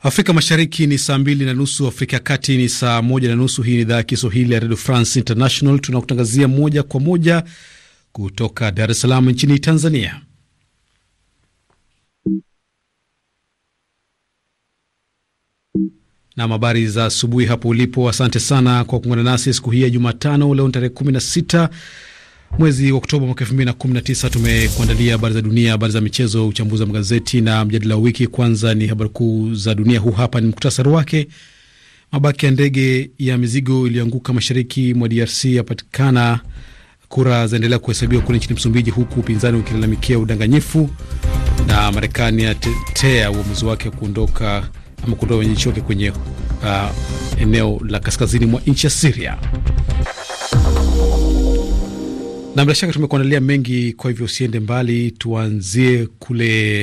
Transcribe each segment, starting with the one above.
Afrika Mashariki ni saa mbili na nusu, Afrika ya Kati ni saa moja na nusu. Hii ni idhaa ya Kiswahili ya Redio France International, tunakutangazia moja kwa moja kutoka Dar es Salaam nchini Tanzania. Nam, habari za asubuhi hapo ulipo. Asante sana kwa kuungana nasi siku hii ya Jumatano, leo tarehe Mwezi wa Oktoba mwaka elfu mbili na kumi na tisa tumekuandalia habari za dunia, habari za michezo, uchambuzi wa magazeti na mjadala wa wiki. Kwanza ni habari kuu za dunia, huu hapa ni muktasari wake. Mabaki ya ndege ya mizigo iliyoanguka mashariki mwa DRC yapatikana. Kura zaendelea kuhesabiwa kule nchini Msumbiji, huku upinzani ukilalamikia udanganyifu. Na Marekani yatetea uamuzi wake kuondoka ama kuondoa wenyeji wake kwenye uh, eneo la kaskazini mwa nchi ya Siria. Na bila shaka tumekuandalia mengi, kwa hivyo usiende mbali. Tuanzie kule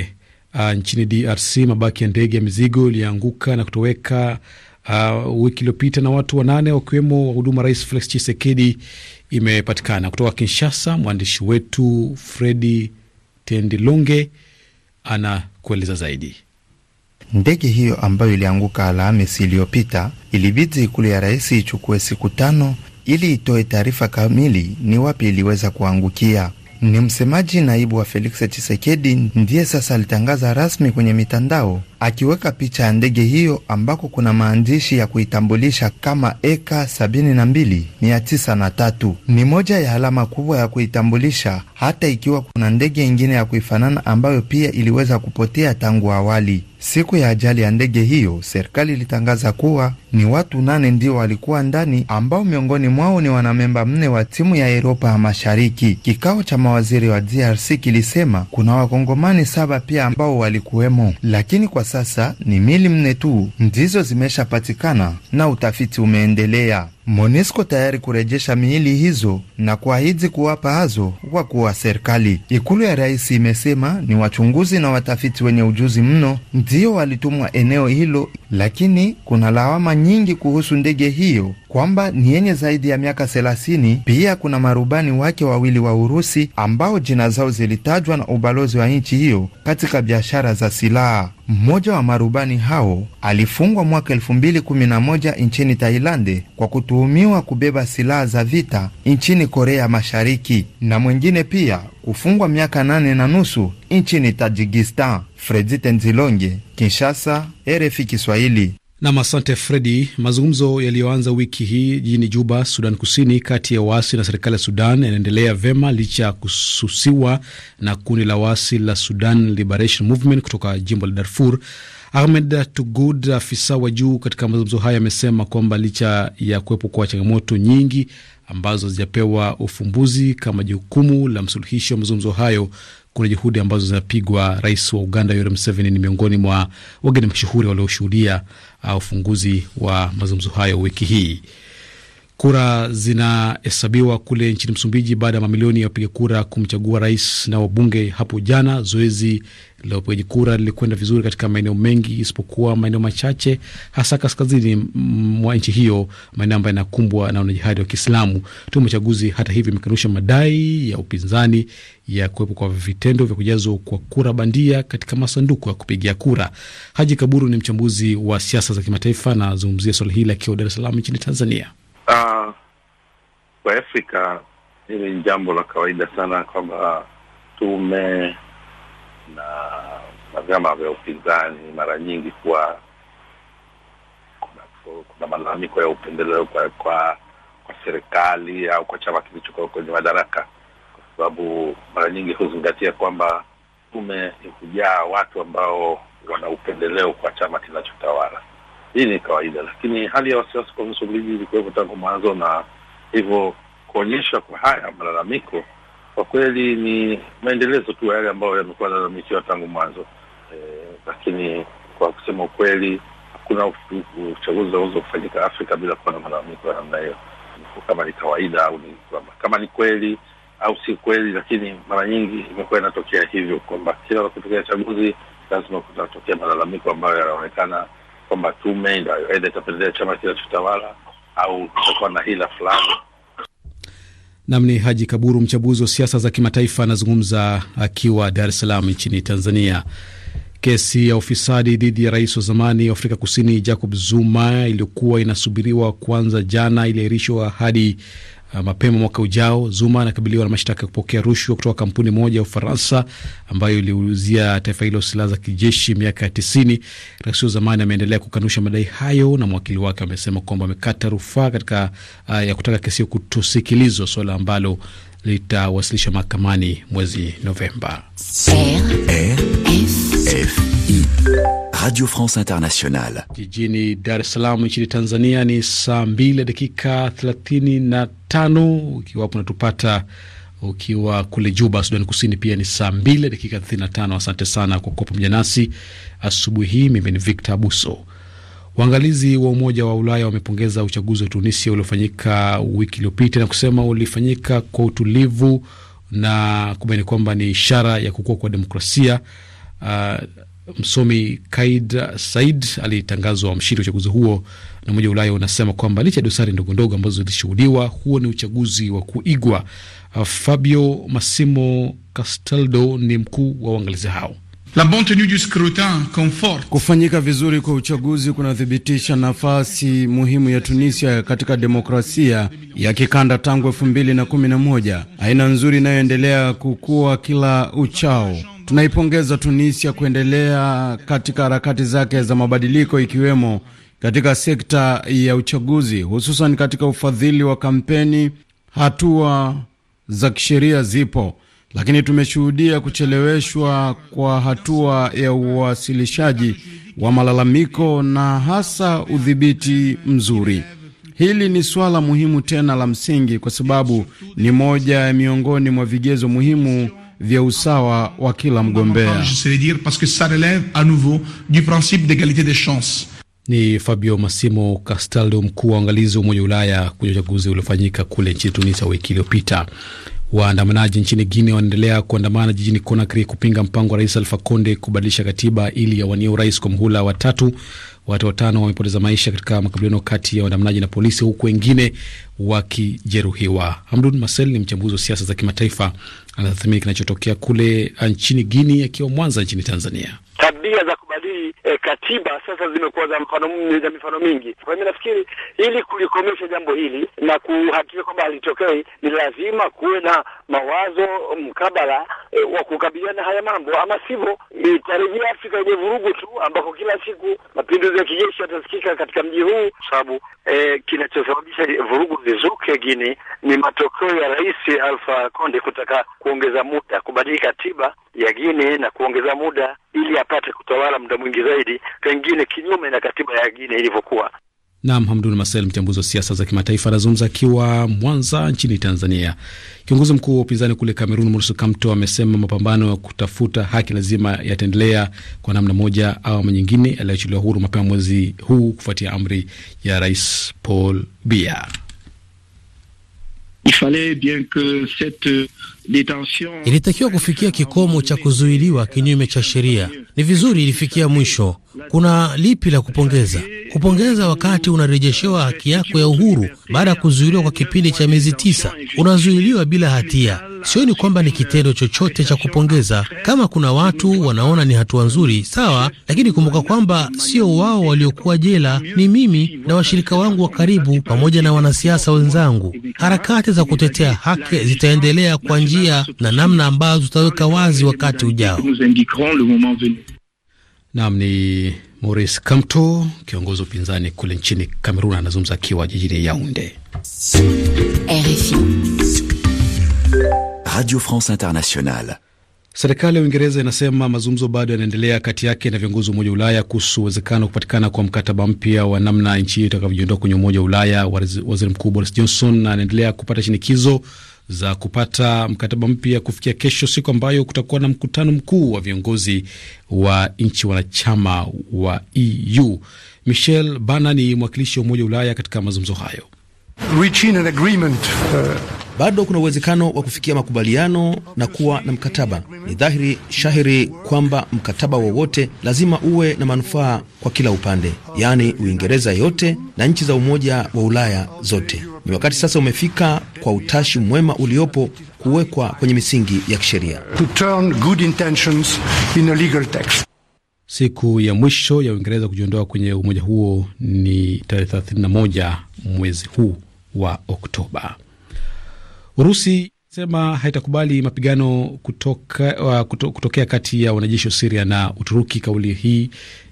uh, nchini DRC. Mabaki ya ndege ya mizigo ilianguka na kutoweka uh, wiki iliyopita na watu wanane wakiwemo wahuduma Rais Felix chisekedi imepatikana. Kutoka Kinshasa, mwandishi wetu Fredi Tendilonge anakueleza zaidi. Ndege hiyo ambayo ilianguka Alhamisi iliyopita ilibidi ikulu ya rais ichukue siku tano ili itoe taarifa kamili ni wapi iliweza kuangukia. Ni msemaji naibu wa Felix chisekedi ndiye sasa alitangaza rasmi kwenye mitandao akiweka picha ya ndege hiyo ambako kuna maandishi ya kuitambulisha kama eka 72903. Ni moja ya alama kubwa ya kuitambulisha, hata ikiwa kuna ndege ingine ya kuifanana ambayo pia iliweza kupotea tangu awali. Siku ya ajali ya ndege hiyo, serikali ilitangaza kuwa ni watu nane ndio walikuwa ndani, ambao miongoni mwao ni wanamemba mne wa timu ya Europa ya Mashariki. Kikao cha mawaziri wa DRC kilisema kuna wakongomani saba pia ambao walikuwemo, lakini kwa sasa ni mili mne tu ndizo zimeshapatikana na utafiti umeendelea. MONUSCO tayari kurejesha miili hizo na kuahidi kuwapa hazo kwa kuwa serikali. Ikulu ya rais imesema ni wachunguzi na watafiti wenye ujuzi mno ndio walitumwa eneo hilo, lakini kuna lawama nyingi kuhusu ndege hiyo kwamba ni yenye zaidi ya miaka thelathini. Pia kuna marubani wake wawili wa Urusi ambao jina zao zilitajwa na ubalozi wa nchi hiyo katika biashara za silaha. Mmoja wa marubani hao alifungwa mwaka elfu mbili kumi na moja nchini Tailande kwa kutuhumiwa kubeba silaha za vita nchini Korea Mashariki, na mwingine pia kufungwa miaka nane na nusu nchini Tajikistan. Fredi Tenzilonge, Kinshasa, RFI Kiswahili. Nam, asante Fredi. Mazungumzo yaliyoanza wiki hii jijini Juba, Sudan Kusini, kati ya waasi na serikali ya Sudan yanaendelea vema licha ya kususiwa na kundi la waasi la Sudan Liberation Movement kutoka jimbo la Darfur. Ahmed Tugud, afisa wa juu katika mazungumzo haya, amesema kwamba licha ya kuwepo kwa changamoto nyingi ambazo hazijapewa ufumbuzi kama jukumu la msuluhishi wa mazungumzo hayo, kuna juhudi ambazo zinapigwa. Rais wa Uganda Yoweri Museveni ni miongoni mwa wageni mashuhuri walioshuhudia ufunguzi wa mazungumzo hayo wiki hii. Kura zinahesabiwa kule nchini Msumbiji baada ya mamilioni ya wapiga kura kumchagua rais na wabunge hapo jana. Zoezi la upigaji kura lilikwenda vizuri katika maeneo mengi isipokuwa maeneo machache, hasa kaskazini mwa nchi hiyo, maeneo ambayo yanakumbwa na wanajihadi wa Kiislamu. Tume uchaguzi hata hivyo imekanusha madai ya upinzani ya kuwepo kwa vitendo vya kujazwa kwa kura bandia katika masanduku ya kupigia kura. Haji Kaburu ni mchambuzi wa siasa za kimataifa anazungumzia swala hili akiwa Dar es Salaam nchini Tanzania. Uh, kwa Afrika hili ni jambo la kawaida sana kwamba tume na na vyama vya upinzani mara nyingi kuwa kuna, kuna malalamiko ya upendeleo kwa, kwa kwa serikali au kwa chama kilichokuwa kwenye madaraka, kwa sababu mara nyingi huzingatia kwamba tume ni kujaa watu ambao wana upendeleo kwa chama kinachotawala. Hii ni kawaida, lakini hali ya wasiwasi kuhusu ligi ilikuwepo tangu mwanzo, na hivyo kuonyesha kwa haya malalamiko kwa kweli ni maendelezo tu yale ambayo yamekuwa yalalamikiwa tangu mwanzo e, lakini kwa kusema ukweli hakuna uchaguzi unaweza kufanyika Afrika bila kuwa na malalamiko ya namna hiyo, kama ni kawaida au ni kwamba kama ni kweli au si kweli, lakini mara nyingi imekuwa inatokea hivyo kwamba kila kutokea chaguzi lazima kutatokea malalamiko ambayo yanaonekana kwamba tume aidha itapendelea chama cha utawala au kutakuwa na hila fulani. Nam ni Haji Kaburu, mchambuzi wa siasa za kimataifa, anazungumza akiwa Dar es Salaam nchini Tanzania. Kesi ya ufisadi dhidi ya rais wa zamani wa Afrika Kusini Jacob Zuma iliyokuwa inasubiriwa kuanza jana iliahirishwa hadi Ah, mapema mwaka ujao Zuma anakabiliwa na mashtaka ya kupokea rushwa kutoka kampuni moja ya Ufaransa ambayo iliuzia taifa hilo silaha za kijeshi miaka ya tisini. Rais wa zamani ameendelea kukanusha madai hayo na mwakili wake amesema kwamba amekata rufaa katika uh, ya kutaka kesi kutosikilizwa, suala ambalo litawasilishwa mahakamani mwezi Novemba. Radio France Internationale jijini Dar es Salaam nchini Tanzania. Ni saa mbili dakika thelathini na tano ukiwapo natupata ukiwa kule Juba, Sudani Kusini, pia ni saa mbili dakika 35. Asante sana kwa kuwa pamoja nasi asubuhi hii. Mimi ni Victor Abuso. Waangalizi wa Umoja wa Ulaya wamepongeza uchaguzi wa Tunisia uliofanyika wiki iliyopita na kusema ulifanyika kwa utulivu na kubaini kwamba ni ishara ya kukua kwa demokrasia. Uh, Msomi Kaid Said alitangazwa mshindi wa uchaguzi huo, na Umoja wa Ulaya unasema kwamba licha ya dosari ndogondogo ambazo zilishuhudiwa, huo ni uchaguzi wa kuigwa. Fabio Massimo Castaldo ni mkuu wa uangalizi hao. La bonne tenue du scrutin Kufanyika vizuri kwa uchaguzi kunathibitisha nafasi muhimu ya Tunisia katika demokrasia ya kikanda tangu elfu mbili na kumi aina nzuri inayoendelea kukua kila uchao. Tunaipongeza Tunisia kuendelea katika harakati zake za mabadiliko ikiwemo katika sekta ya uchaguzi, hususan katika ufadhili wa kampeni. Hatua za kisheria zipo, lakini tumeshuhudia kucheleweshwa kwa hatua ya uwasilishaji wa malalamiko na hasa udhibiti mzuri. Hili ni suala muhimu tena la msingi, kwa sababu ni moja ya miongoni mwa vigezo muhimu vya usawa wa kila mgombea. Ni Fabio Massimo Castaldo, mkuu wa uangalizi wa Umoja wa Ulaya kwenye uchaguzi uliofanyika kule nchini Tunisia wiki iliyopita. Waandamanaji nchini Guinea wanaendelea kuandamana jijini Conakry kupinga mpango wa rais Alfa Conde kubadilisha katiba ili yawanie urais kwa mhula wa tatu. Watu watano wamepoteza maisha katika makabiliano kati ya waandamanaji na polisi, huku wengine wakijeruhiwa. Hamdun Masel ni mchambuzi wa siasa za kimataifa, anatathmini kinachotokea kule uh, nchini guini akiwa Mwanza nchini Tanzania. Tabia za kubadili e, eh, katiba sasa zimekuwa za mfano za mifano mingi. Kwa hiyo nafikiri ili kulikomesha jambo hili na kuhakikisha kwamba halitokei, ni lazima kuwe na mawazo mkabala e, wa kukabiliana haya mambo, ama sivyo itarejea Afrika yenye vurugu tu, ambako kila siku mapinduzi ya kijeshi yatasikika katika mji huu, kwa sababu e, kinachosababisha vurugu zizuke Gini ni matokeo ya Rais Alfa Konde kutaka kuongeza muda kubadili katiba ya Gini na kuongeza muda ili apate kutawala mdo muda mwingi zaidi, pengine kinyume na katiba ya Guinea ilivyokuwa. Naam, Hamdun Masel, mchambuzi wa siasa za kimataifa, anazungumza akiwa Mwanza nchini Tanzania. Kiongozi mkuu wa upinzani kule Kamerun, Morice Kamto, amesema mapambano ya kutafuta haki lazima yataendelea kwa namna moja au nyingine. Aliachiliwa huru mapema mwezi huu kufuatia amri ya Rais Paul Biya. Euh, Ilitakiwa kufikia kikomo cha kuzuiliwa kinyume cha sheria. Ni vizuri ilifikia mwisho. Kuna lipi la kupongeza? Kupongeza wakati unarejeshewa haki yako ya uhuru baada ya kuzuiliwa kwa kipindi cha miezi tisa. Unazuiliwa bila hatia. Sioni kwamba ni kitendo chochote cha kupongeza. Kama kuna watu wanaona ni hatua nzuri, sawa, lakini kumbuka kwamba sio wao waliokuwa jela, ni mimi na washirika wangu wa karibu pamoja na wanasiasa wenzangu. Harakati za kutetea haki zitaendelea kwa njia na namna ambazo zitaweka wazi wakati ujao. Naam, ni Maurice Kamto, kiongozi wa upinzani kule nchini Kamerun, anazungumza akiwa jijini Yaunde. RFI, Radio France Internationale. Serikali ya Uingereza inasema mazungumzo bado yanaendelea kati yake na viongozi wa Umoja wa Ulaya kuhusu uwezekano wa kupatikana kwa mkataba mpya wa namna nchi hiyo itakavyojiondoa kwenye Umoja wa Ulaya. Waziri Mkuu Boris Johnson anaendelea kupata shinikizo za kupata mkataba mpya kufikia kesho, siku ambayo kutakuwa na mkutano mkuu wa viongozi wa nchi wanachama wa EU. Michel Bana ni mwakilishi wa Umoja wa Ulaya katika mazungumzo hayo. Uh, bado kuna uwezekano wa kufikia makubaliano na kuwa na mkataba. Ni dhahiri shahiri kwamba mkataba wowote lazima uwe na manufaa kwa kila upande, yaani Uingereza yote na nchi za Umoja wa Ulaya zote. Ni wakati sasa umefika kwa utashi mwema uliopo kuwekwa kwenye misingi ya kisheria. Siku ya mwisho ya Uingereza kujiondoa kwenye umoja huo ni tarehe 31 mwezi huu wa Oktoba. Urusi sema haitakubali mapigano kutoka, uh, kuto, kutokea kati ya wanajeshi wa Siria na Uturuki. Kauli hii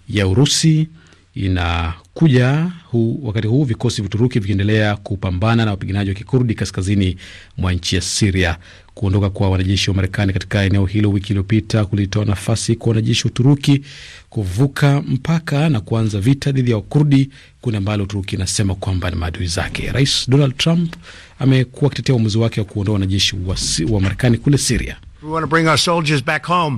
ya Urusi inakuja hu, wakati huu vikosi vya Uturuki vikiendelea kupambana na wapiganaji wa kikurdi kaskazini mwa nchi ya Siria. Kuondoka kwa wanajeshi wa Marekani katika eneo hilo wiki iliyopita kulitoa nafasi kwa wanajeshi wa Uturuki kuvuka mpaka na kuanza vita dhidi ya Wakurdi, kundi ambalo Uturuki inasema kwamba ni maadui zake. Rais Donald Trump amekuwa akitetea uamuzi wake wa kuondoa wanajeshi wa, wa Marekani kule Siria. Uh,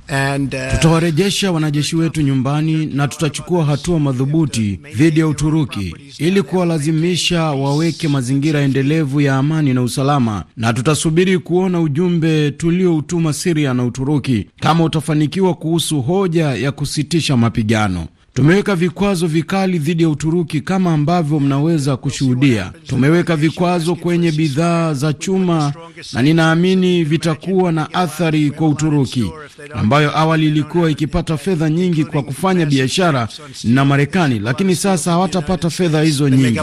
Tutawarejesha wanajeshi wetu nyumbani na tutachukua hatua madhubuti dhidi ya Uturuki ili kuwalazimisha waweke mazingira endelevu ya amani na usalama, na tutasubiri kuona ujumbe tulioutuma Siria na Uturuki kama utafanikiwa kuhusu hoja ya kusitisha mapigano. Tumeweka vikwazo vikali dhidi ya Uturuki kama ambavyo mnaweza kushuhudia. Tumeweka vikwazo kwenye bidhaa za chuma na ninaamini vitakuwa na athari kwa Uturuki ambayo awali ilikuwa ikipata fedha nyingi kwa kufanya biashara na Marekani, lakini sasa hawatapata fedha hizo nyingi.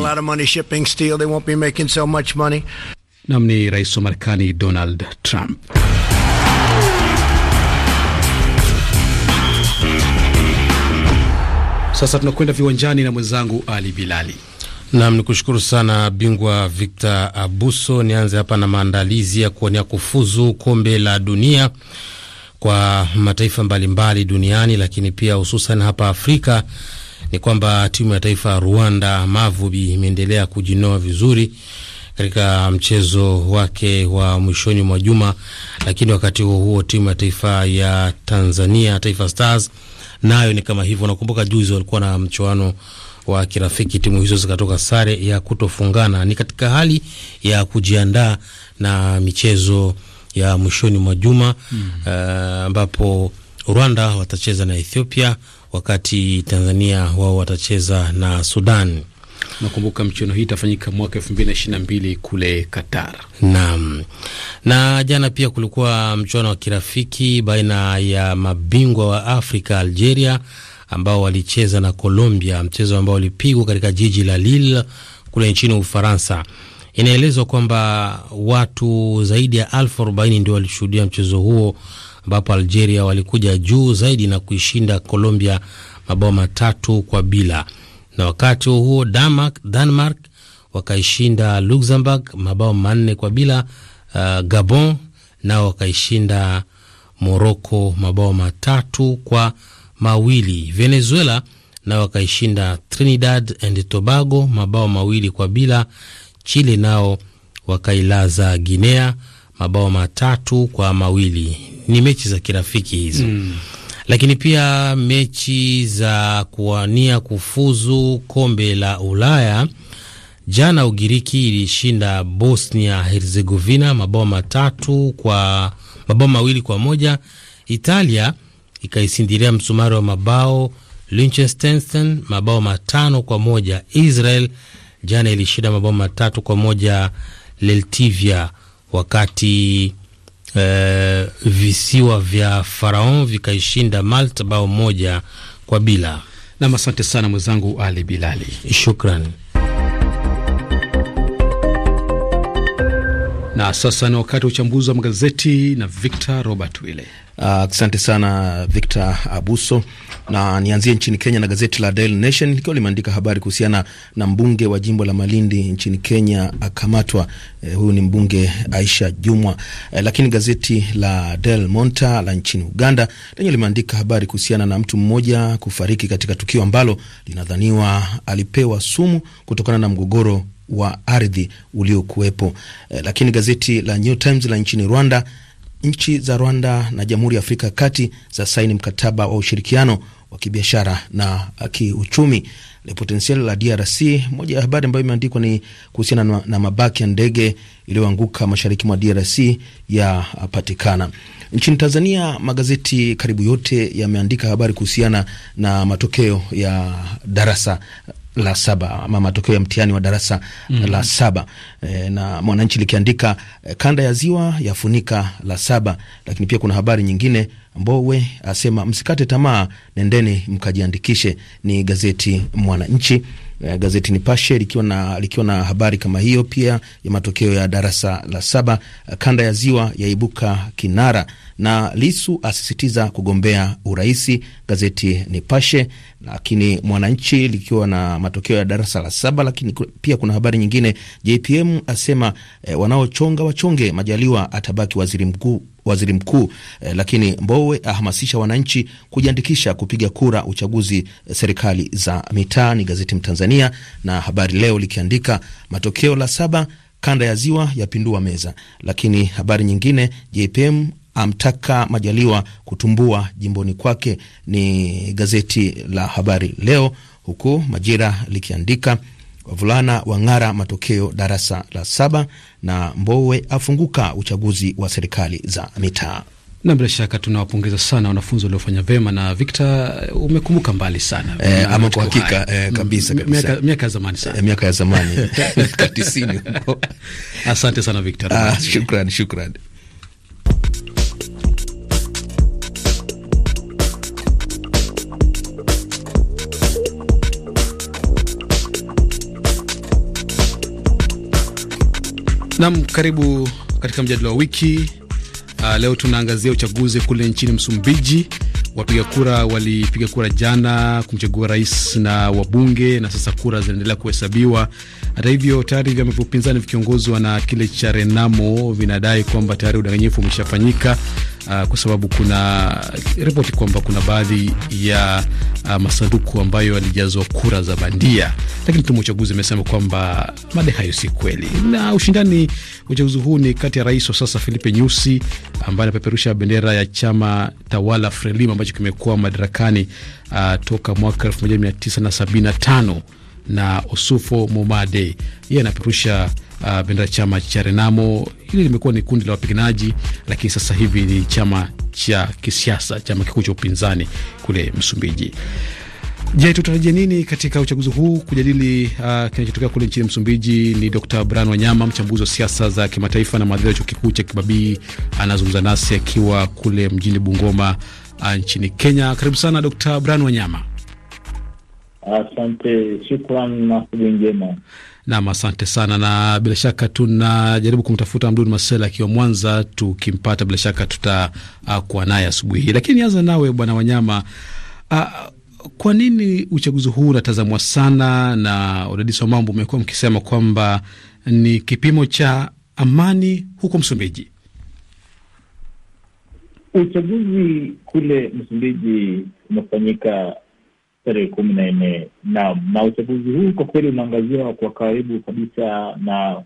Nam ni rais wa Marekani Donald Trump. Sasa tunakwenda viwanjani na mwenzangu Ali Bilali. Nam ni kushukuru sana bingwa Victor Abuso. Nianze hapa na maandalizi ya kuonea kufuzu kombe la dunia kwa mataifa mbalimbali mbali duniani, lakini pia hususan hapa Afrika ni kwamba timu ya taifa ya Rwanda Mavubi imeendelea kujinoa vizuri katika mchezo wake wa mwishoni mwa juma, lakini wakati huo huo timu ya taifa ya Tanzania Taifa Stars nayo ni kama hivyo. Nakumbuka juzi walikuwa na mchuano wa kirafiki, timu hizo zikatoka sare ya kutofungana. Ni katika hali ya kujiandaa na michezo ya mwishoni mwa juma hmm. eh, ambapo mm. uh, Rwanda watacheza na Ethiopia, wakati Tanzania wao watacheza na Sudan. Nakumbuka mchuano hii itafanyika mwaka elfu mbili na ishirini na mbili kule Qatar. Naam, na jana pia kulikuwa mchuano wa kirafiki baina ya mabingwa wa Afrika Algeria ambao walicheza na Colombia, mchezo ambao ulipigwa katika jiji la Lille kule nchini Ufaransa. Inaelezwa kwamba watu zaidi ya elfu arobaini ndio walishuhudia mchezo huo ambapo Algeria walikuja juu zaidi na kuishinda Colombia mabao matatu kwa bila na wakati huo huo Denmark, Denmark wakaishinda Luxembourg mabao manne kwa bila. Uh, Gabon nao wakaishinda Morocco mabao matatu kwa mawili. Venezuela nao wakaishinda Trinidad and Tobago mabao mawili kwa bila. Chile nao wakailaza Guinea mabao matatu kwa mawili. Ni mechi za kirafiki hizo mm lakini pia mechi za kuwania kufuzu kombe la Ulaya. Jana Ugiriki ilishinda Bosnia Herzegovina mabao matatu kwa mabao mawili kwa moja. Italia ikaisindiria msumari wa mabao Liechtenstein mabao matano kwa moja. Israel jana ilishinda mabao matatu kwa moja Leltivia, wakati Eh, visiwa vya Faraon vikaishinda Malta bao moja kwa bila. Nam, asante sana mwenzangu Ali Bilali, shukran. Na sasa ni wakati wa uchambuzi wa magazeti na Victor Robert wille Uh, asante uh, sana Victor Abuso, na nianzie nchini Kenya na gazeti la Daily Nation likiwa limeandika habari kuhusiana na mbunge wa jimbo la Malindi nchini Kenya akamatwa. Eh, huyu ni mbunge Aisha Jumwa. Eh, lakini gazeti la Del Monta la nchini Uganda lenye limeandika habari kuhusiana na mtu mmoja kufariki katika tukio ambalo linadhaniwa alipewa sumu kutokana na mgogoro wa ardhi uliokuwepo. Eh, lakini gazeti la New Times la nchini Rwanda nchi za Rwanda na Jamhuri ya Afrika ya Kati za saini mkataba wa ushirikiano wa kibiashara na kiuchumi. Le Potentiel la DRC, moja ya habari ambayo imeandikwa ni kuhusiana na, na mabaki ya ndege iliyoanguka mashariki mwa DRC yapatikana. Nchini Tanzania, magazeti karibu yote yameandika habari kuhusiana na matokeo ya darasa la saba ama matokeo ya mtihani wa darasa mm -hmm. la saba e, na Mwananchi likiandika e, kanda ya ziwa yafunika la saba, lakini pia kuna habari nyingine Mbowe asema msikate tamaa, nendeni mkajiandikishe. Ni gazeti Mwananchi. E, gazeti Nipashe likiwa na, likiwa na habari kama hiyo pia ya matokeo ya darasa la saba, e, kanda ya ziwa yaibuka kinara na Lisu asisitiza kugombea uraisi, gazeti Nipashe. Lakini Mwananchi likiwa na matokeo ya darasa la saba, lakini pia kuna habari nyingine, JPM asema eh, wanaochonga wachonge, Majaliwa atabaki waziri mkuu waziri mkuu eh, lakini Mbowe ahamasisha wananchi kujiandikisha kupiga kura uchaguzi eh, serikali za mitaa. Ni gazeti Mtanzania na Habari Leo likiandika matokeo la saba kanda ya ziwa yapindua meza. Lakini habari nyingine JPM amtaka Majaliwa kutumbua jimboni kwake, ni gazeti la Habari Leo, huku Majira likiandika wavulana wang'ara matokeo darasa la saba na Mbowe afunguka uchaguzi wa serikali za mitaa. Na bila shaka tunawapongeza sana wanafunzi waliofanya vema, Na Victor, umekumbuka mbali sana e, ama kwa hakika e, kabisa, kabisa. Miaka ya zamani sana e, miaka ya zamani tisini. Asante sana Victor, shukran ah, shukran. Nam, karibu katika mjadala wa wiki. Uh, leo tunaangazia uchaguzi kule nchini Msumbiji. Wapiga kura walipiga kura jana kumchagua rais na wabunge, na sasa kura zinaendelea kuhesabiwa. Hata hivyo, tayari vyama vya upinzani vikiongozwa na kile cha Renamo vinadai kwamba tayari udanganyifu umeshafanyika uh, kwa sababu kuna ripoti kwamba kuna baadhi ya uh, masanduku ambayo yalijazwa kura za bandia, lakini tume uchaguzi amesema kwamba madai hayo si kweli. Na ushindani uchaguzi huu ni kati ya rais wa sasa Filipe Nyusi ambaye anapeperusha bendera ya chama tawala Frelimo ambacho kimekuwa madarakani uh, toka mwaka 1975 na Osufo Momade yeye anapeperusha uh, bendera chama cha Renamo Hili limekuwa ni kundi la wapiganaji, lakini sasa hivi ni chama cha kisiasa, chama kikuu cha upinzani kule Msumbiji. Je, tutarajia nini katika uchaguzi huu? Kujadili uh, kinachotokea kule nchini Msumbiji ni Dr Brian Wanyama, mchambuzi wa siasa za kimataifa na mhadhiri wa chuo kikuu cha Kibabii. Anazungumza nasi akiwa kule mjini Bungoma, uh, nchini Kenya. Karibu sana Dr Brian Wanyama. Asante, shukran na siku njema. Nam, asante sana, na bila shaka tunajaribu kumtafuta Abdul masel akiwa Mwanza. Tukimpata bila shaka tutakuwa naye asubuhi hii, lakini nianza nawe Bwana Wanyama. A, ah, kwa nini uchaguzi huu unatazamwa sana na udadisi wa mambo? Umekuwa mkisema kwamba ni kipimo cha amani huko Msumbiji. Uchaguzi kule Msumbiji umefanyika tarehe kumi na nne na na uchaguzi huu kwa kweli unaangaziwa kwa karibu kabisa, na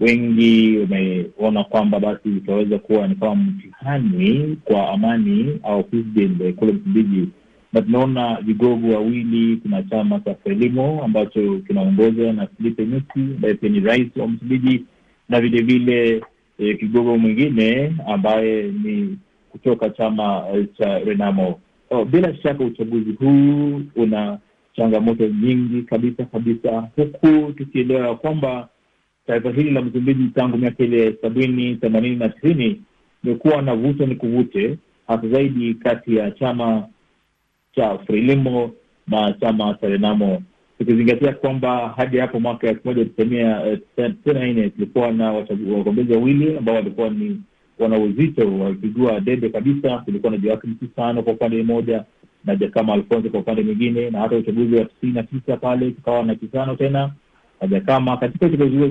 wengi wameona kwamba basi utaweza kuwa ni kama mtihani kwa amani au peace kule Msumbiji, na tunaona vigogo wawili. Kuna chama cha Frelimo ambacho kinaongozwa na Filipe Nyusi ambaye pia ni rais wa Msumbiji, na vilevile eh, kigogo mwingine ambaye ni kutoka chama eh, cha Renamo oh, bila shaka uchaguzi huu una changamoto nyingi kabisa kabisa, huku tukielewa kwamba taifa hili la Msumbiji tangu miaka ile sabini themanini na tisini imekuwa na vuta ni kuvute, hasa zaidi kati ya chama cha Frelimo na chama cha Renamo, tukizingatia kwamba hadi hapo mwaka elfu moja tisamia eh, tisini na nne tulikuwa na wagombezi wawili ambao walikuwa ni wana uzito, walipigua debe kabisa. Kulikuwa na Joakim Chissano kwa upande mmoja na Jakama Alfonso kwa upande mwingine, na hata uchaguzi wa tisini na tisa pale tukawa na Kisano tena na Jakama. Katika uchaguzi huo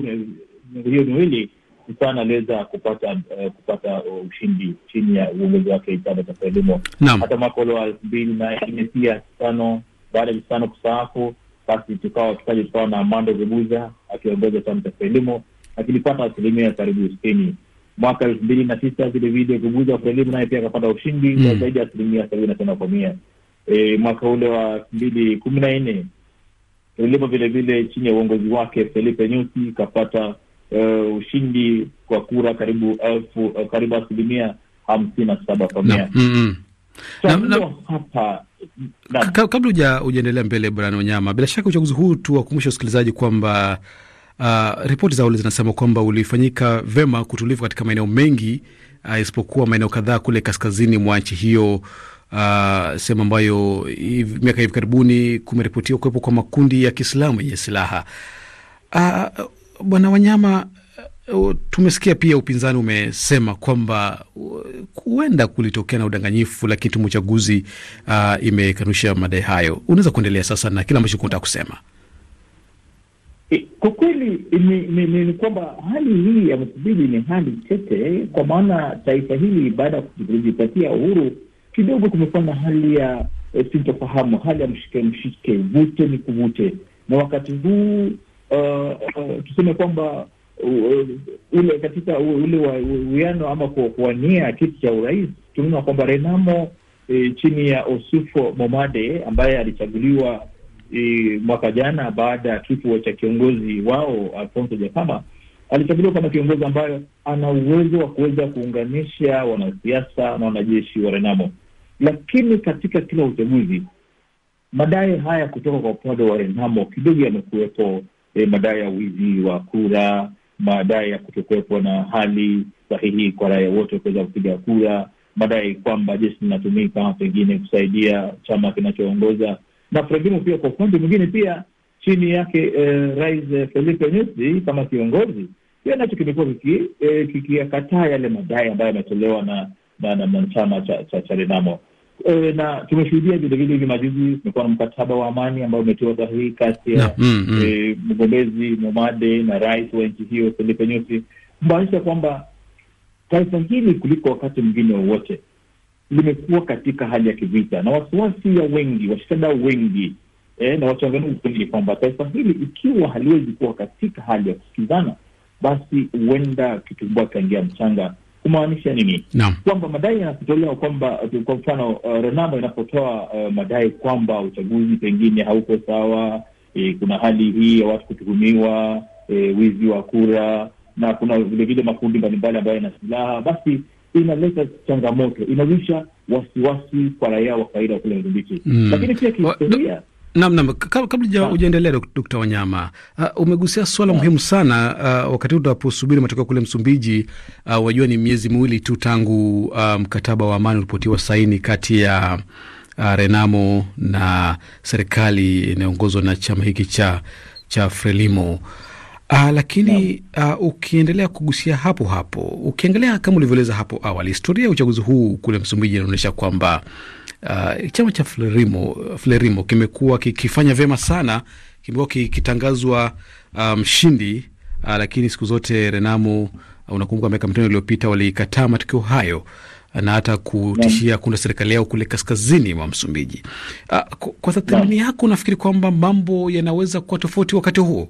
hiyo miwili Chissano aliweza kupata uh, kupata uh, ushindi chini ya uongozi wake Chama cha Frelimo. Hata mwaka ule wa elfu mbili na nne pia Kisano, baada ya Kisano kustaafu, basi tukawa tukaja tukawa na Mando Gubuza akiongoza Chama cha Frelimo na kilipata asilimia karibu sitini mwaka elfu mbili na tisa vilevile kuguza Elimu naye pia akapata ushindi mm. zaidi ya asilimia sabini na tano kwa mia e, mwaka ule wa elfu mbili kumi na nne Elimu vilevile chini ya uongozi wake Felipe Nyusi ikapata uh, e, ushindi kwa kura karibu elfu uh, karibu asilimia hamsini na saba kwa mia hmm, hmm. kabla hujaendelea mbele, Bwana wanyama bila shaka uchaguzi huu tu wakumbusha usikilizaji kwamba Uh, ripoti za awali zinasema kwamba ulifanyika vema kutulivu katika maeneo mengi uh, isipokuwa maeneo kadhaa kule kaskazini mwa nchi hiyo uh, sehemu ambayo miaka hivi karibuni kumeripotiwa kuwepo kwa makundi ya Kiislamu yenye silaha uh, Bwana Wanyama, uh, tumesikia pia upinzani umesema kwamba uh, huenda uh, kulitokea na udanganyifu, lakini tume uchaguzi uh, imekanusha madai hayo. Unaweza kuendelea sasa na kile ambacho unataka kusema. Eh, kwa kweli eh, ni, ni, ni, ni kwamba hali hii ya Msubiri ni hali tete, kwa maana taifa hili baada ya kujipatia uhuru kidogo kumekuwa na hali ya e, sintofahamu, hali ya mshike mshike, vute ni kuvute, na wakati huu uh, uh, tuseme kwamba uh, ule katika ule wiano uwiano ama kuwania kiti cha urais tunaona kwamba Renamo e, chini ya Osufo Momade ambaye alichaguliwa e, mwaka jana baada ya kifo cha kiongozi wao Alfonso jakama alichaguliwa kama kiongozi ambayo ana uwezo wa kuweza kuunganisha wanasiasa na wanajeshi wa Renamo. Lakini katika kila uchaguzi madai haya kutoka kwa upande wa Renamo kidogo yamekuwepo, e, madai ya wizi wa kura, madai ya kutokuwepo na hali sahihi kwa raia wote kuweza kupiga kura, madai kwamba jeshi linatumika pengine kusaidia chama kinachoongoza na fragimo pia kwa upande mwingine pia chini yake eh, Rais eh, Felipe Nyusi kama kiongozi pia nacho kimekuwa kikiyakataa eh, yale madai ambayo yametolewa na na, na, na chama cha, cha, cha Renamo eh, na tumeshuhudia vilevile hivi majuzi kumekuwa na mkataba wa amani ambao umetiwa sahihi kati ya mm, mm. eh, mgombezi Momade na rais wa nchi hiyo Felipe Nyusi kumaanisha kwamba taifa hili kuliko wakati mwingine wowote limekuwa katika hali ya kivita na wasiwasi ya wengi washikadau wengi eh, na wachanganuzi wengi kwamba taifa hili ikiwa haliwezi kuwa katika hali ya kusikizana, basi huenda kitumbua kaingia mchanga. Kumaanisha nini? No. Kwamba madai yanapotolewa kwamba kwa mfano uh, Renamo inapotoa uh, madai kwamba uchaguzi pengine hauko sawa eh, kuna hali hii ya watu kutuhumiwa eh, wizi wa kura na kuna vilevile makundi mbalimbali ambayo yana silaha basi inaleta changamoto, inarusha wasiwasi kwa raia wa kawaida wa kule Mzumbichi mm. Lakini pia kihistoria Nam nam, kabla ah. ujaendelea, Dokta Wanyama, uh, umegusia swala yeah, muhimu sana uh, wakati huu tunaposubiri matokeo kule Msumbiji. Uh, wajua ni miezi miwili tu tangu uh, mkataba um, wa amani ulipotiwa saini kati ya uh, Renamo na serikali inayoongozwa na chama hiki cha cha Frelimo. Uh, lakini uh, ukiendelea kugusia hapo hapo, ukiangalia kama ulivyoeleza hapo awali, historia ya uchaguzi huu kule Msumbiji inaonyesha kwamba uh, chama cha Frelimo, Frelimo kimekuwa kikifanya vyema sana, kimekuwa kikitangazwa mshindi um, uh, lakini siku zote Renamo, uh, unakumbuka miaka mitano iliyopita walikataa matokeo hayo na hata kutishia kunda serikali yao kule kaskazini mwa Msumbiji. Uh, kwa tathmini yako unafikiri kwamba mambo yanaweza kuwa tofauti wakati huo?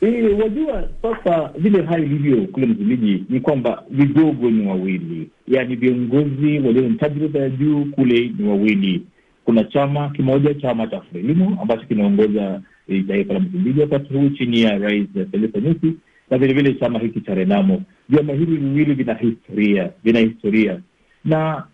E, wajua sasa vile hali ilivyo kule Msumbiji ni kwamba vigogo ni wawili, yaani viongozi walio na tajriba ya juu kule ni wawili. Kuna chama kimoja, chama cha Frelimo ambacho kinaongoza e, taifa la Msumbiji wakati huu chini ya Rais Felipe Nyusi, na vilevile chama hiki cha Renamo. Vyama hivi viwili vina historia, vina historia na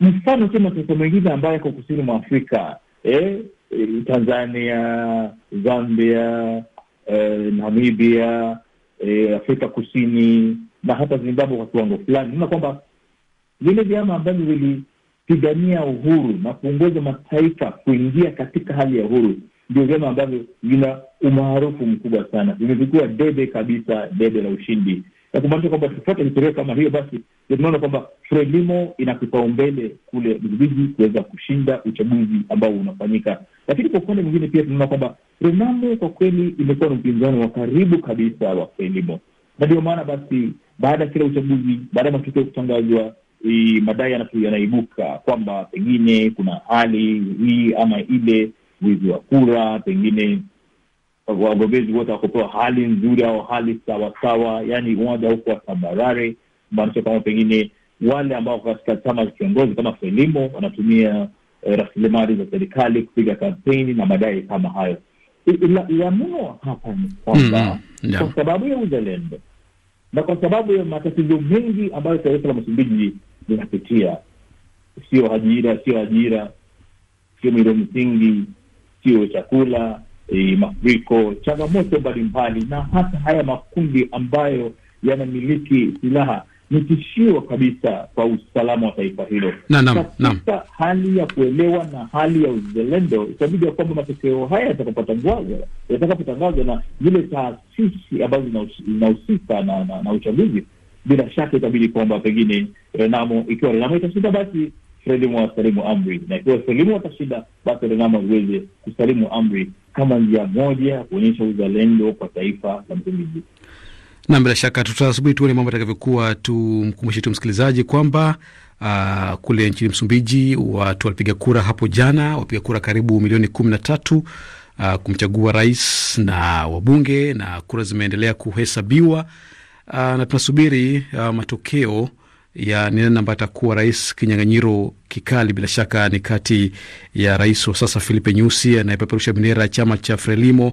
mfano tu mataifa mengine ambayo yako kusini mwa Afrika eh, e, Tanzania, Zambia eh, Namibia, eh, Afrika Kusini na hata Zimbabwe kwa kiwango fulani. Naona kwamba vile vyama ambavyo vilipigania uhuru na kuongoza mataifa kuingia katika hali ya uhuru ndio vyama ambavyo vina umaarufu mkubwa sana, vimepigua debe kabisa, debe la ushindi na kumaanisha kwamba tukifuata historia kama hiyo, basi tunaona kwamba Frelimo ina kipaumbele kule Ubelgiji kuweza kushinda uchaguzi ambao unafanyika. Lakini kwa upande mwingine pia tunaona kwamba Renamo kwa kweli imekuwa na upinzani wa karibu kabisa wa Frelimo, na ndio maana basi baada ya kila uchaguzi, baada ya matokeo kutangazwa madai yanaibuka kwamba pengine kuna hali hii ama ile, wizi wa kura, pengine wagombezi wote wakupewa hali nzuri au hali sawasawa, yani uwanja huku wa tambarare, kumaanisha kwamba pengine wale ambao katika chama za kiongozi kama Frelimo wanatumia eh, rasilimali za serikali kupiga kampeni na madai kama hayo. Ilamuno hapa ni kwamba mm, yeah. Kwa sababu ya uzalendo na kwa sababu ya matatizo mengi ambayo taifa la Msumbiji linapitia, sio ajira, sio ajira, sio miundo msingi, sio chakula e, mafuriko, changamoto mbalimbali, na hata haya makundi ambayo yanamiliki silaha ni tishio kabisa kwa usalama wa taifa hilo. Katika hali ya kuelewa na hali ya uzalendo, itabidi ya kwamba matokeo haya yatakapotangazwa yatakapotangazwa na zile taasisi ambazo zinahusika na, na, na uchaguzi, bila shaka itabidi kwamba pengine Renamo, ikiwa Renamo itashinda basi Frelimo wasalimu amri, na ikiwa Frelimo watashinda basi Renamo iweze kusalimu amri kama njia moja kuonyesha uzalendo kwa taifa la Msumbiji. Na bila shaka tutasubiri tuone mambo atakavyokuwa. Tumkumbushe tu msikilizaji kwamba uh, kule nchini Msumbiji watu walipiga kura hapo jana, wapiga kura karibu milioni kumi na tatu uh, kumchagua rais na wabunge, na kura zimeendelea kuhesabiwa uh, na tunasubiri uh, matokeo ya ni nani ambaye atakuwa rais. Kinyang'anyiro kikali bila shaka ni kati ya rais wa sasa Filipe Nyusi anayepeperusha bendera ya chama cha Frelimo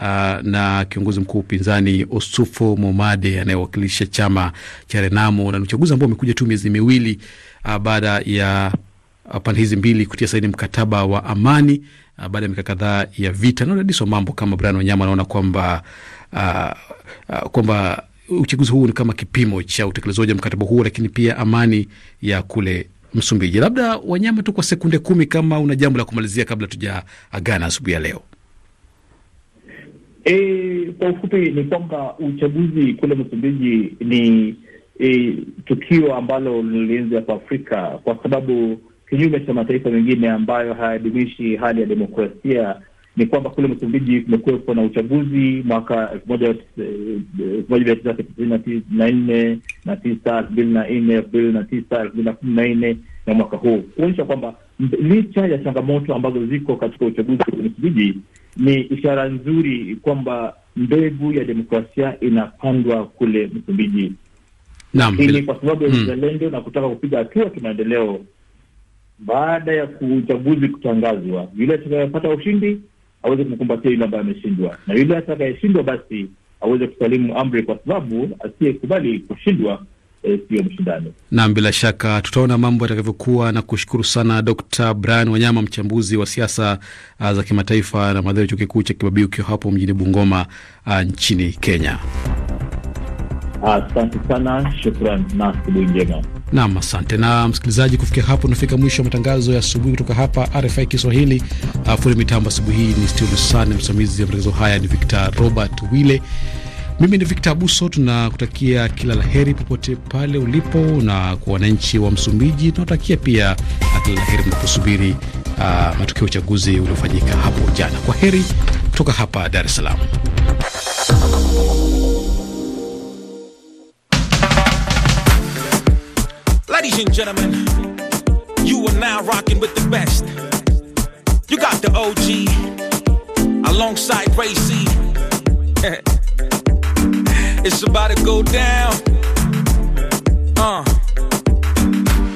Uh, na kiongozi mkuu upinzani Osufo Momade anayewakilisha chama cha Renamo, na ni uchaguzi ambao umekuja tu miezi miwili uh, baada ya uh, pande hizi mbili kutia saini mkataba wa amani uh, baada ya miaka kadhaa ya vita. Na udadisi wa mambo kama Brian Wanyama anaona kwamba uh, uh, kwamba uchaguzi huu ni kama kipimo cha utekelezaji wa mkataba huo, lakini pia amani ya kule Msumbiji. Labda wanyama tu kwa sekunde kumi, kama una jambo la kumalizia kabla tuja agana asubuhi ya leo. E, kwa ufupi ni kwamba uchaguzi kule Msumbiji ni e, tukio ambalo lilianza kwa Afrika kwa sababu kinyume cha mataifa mengine ambayo hayadumishi hali ya demokrasia ni kwamba kule Msumbiji kumekuwepo na uchaguzi mwaka elfu moja eh, eh, mia tisa tisini na nne na tisa elfu mbili na nne elfu mbili na tisa elfu mbili na kumi na nne na mwaka huu kuonyesha kwamba licha ya changamoto ambazo ziko katika uchaguzi wa Msumbiji, ni ishara nzuri kwamba mbegu ya demokrasia inapandwa kule Msumbiji. Naam, kwa sababu ya mm. uzalendo mm, na kutaka kupiga hatua kimaendeleo. Baada ya uchaguzi kutangazwa, yule atakayepata ushindi aweze kumkumbatia yule ambaye ameshindwa, na yule atakayeshindwa basi aweze kusalimu amri, kwa sababu asiyekubali kushindwa e, siyo mshindani. Naam, bila shaka tutaona mambo yatakavyokuwa, na kushukuru sana Dr. Brian Wanyama, mchambuzi wa siasa ah, za kimataifa na madhari chuo kikuu cha Kibabii, ukiwa hapo mjini Bungoma ah, nchini Kenya. Asante sana, shukran na asubuhi njema. Nam, asante na msikilizaji, kufikia hapo unafika mwisho wa matangazo ya asubuhi kutoka hapa RFI Kiswahili. Ah, fundi mitambo asubuhi hii ni Sane, msimamizi wa matangazo haya ni Victor Robert Wile, mimi ni Victor Abuso. Tunakutakia kila la heri popote pale ulipo, na kwa wananchi wa Msumbiji tunatakia pia kila laheri mnaposubiri uh, matokeo ya uchaguzi uliofanyika hapo jana. Kwa heri kutoka hapa Dar es Salaam. Ladies and gentlemen, you are now rocking with the best. You got the OG alongside Racy. it's about to go down. Uh.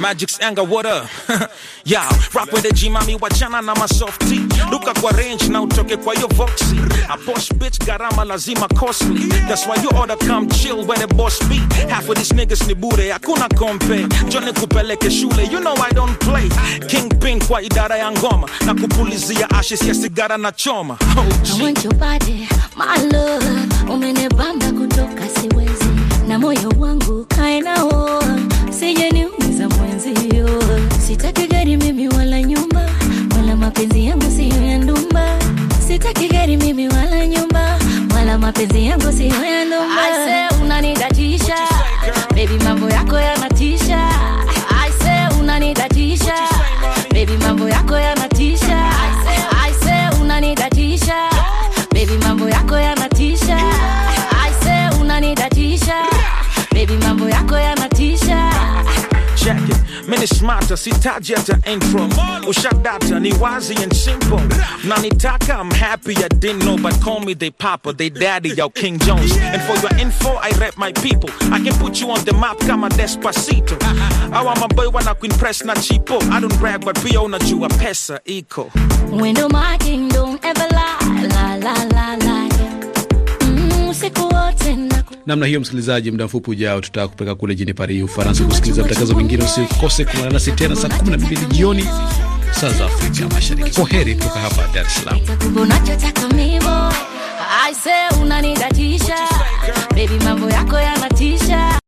Magic's anger, what up? Y'all, rock with the G, mommy, wachana na my soft tea. duka kwa range na utoke kwa hiyo voxy a boss bitch gharama lazima costly that's why you order come chill when a boss be half of these niggas ni bure hakuna kompe jone kupeleke shule you know i don't play king pin kwa idara ya ngoma na kupulizia ashes ya sigara na choma oh, I want your body, my love umenebamba kutoka siwezi na moyo wangu kaenao sijeniumiza mwenzio sitaki mapenzi yangu siyo ya ndumba, sitaki gari mimi wala nyumba, wala mapenzi yangu siyo ya ndumba. Unanidatisha baby, mambo yako yanatisha smata sitaja ta incrom ushadata ni wazi and simple taka i'm happy i didn't know but call me they papa they daddy yo king jones and for your info i rap my people i can put you on the map kama despacito awa maboy wana kuimpress na chipo i don't brag but pia unajua pesa iko when no my kingdom don't ever lie la la la la namna hiyo. Msikilizaji, muda mfupi ujao tutakupeleka kule jini Paris, Ufaransa, kusikiliza matangazo mengine. Usikose kuungana nasi tena saa 12 jioni saa za Afrika Mashariki. Kwa heri kutoka hapa Dar es Salaam.